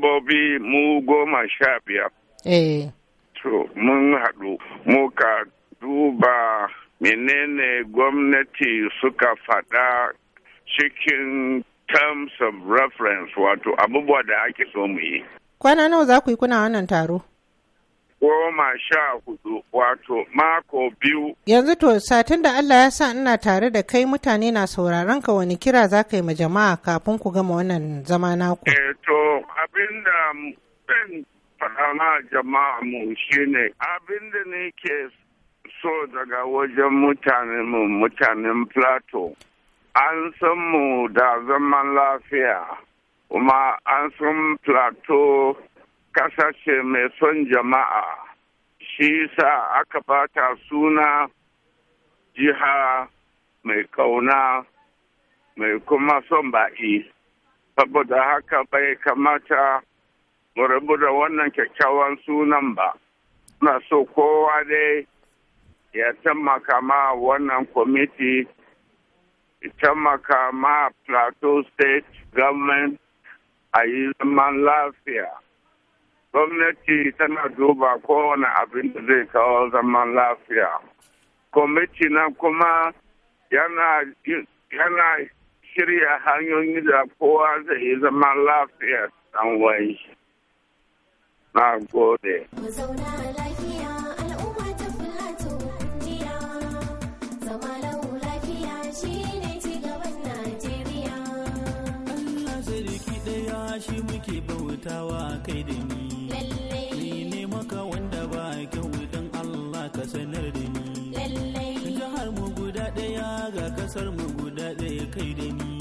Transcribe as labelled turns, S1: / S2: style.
S1: membobi mu goma sha biyar. Eh. To, mun haɗu, muka duba menene gwamnati suka faɗa cikin terms of reference wato abubuwa da ake so mu yi.
S2: Kwana nawa za ku yi kuna wannan taro?
S1: Goma sha hudu wato mako biyu.
S2: Yanzu to satin da Allah ya sa ina tare da kai mutane na sauraron ka wani kira za ka yi ma jama'a kafin ku gama wannan zama naku.
S1: Eh to abinda da ɗin um, faɗa jama'a mu shine abin da ne ke so daga wajen mutanen mu mutanen plateau an san mu da zaman lafiya kuma an san plateau kasashe mai son jama'a shi sa aka bata suna jiha mai kauna mai kuma son ba'i. saboda haka bai kamata mu rabu da wannan kyakkyawan sunan ba na so kowa dai ya taimaka ma wannan kwamiti taimaka ma plateau state government a yi zaman lafiya gwamnati tana duba kowane abin da zai kawo zaman lafiya kwamiti na kuma yana shirya hanyoyin da kowa zai zama lafiya dan wai. Na gode.
S2: shi muke bautawa kai da ni ni ne maka wanda ba kyau don Allah ka sanar da ni jihar mu guda ɗaya ga kasar mu guda That they kai da
S1: ni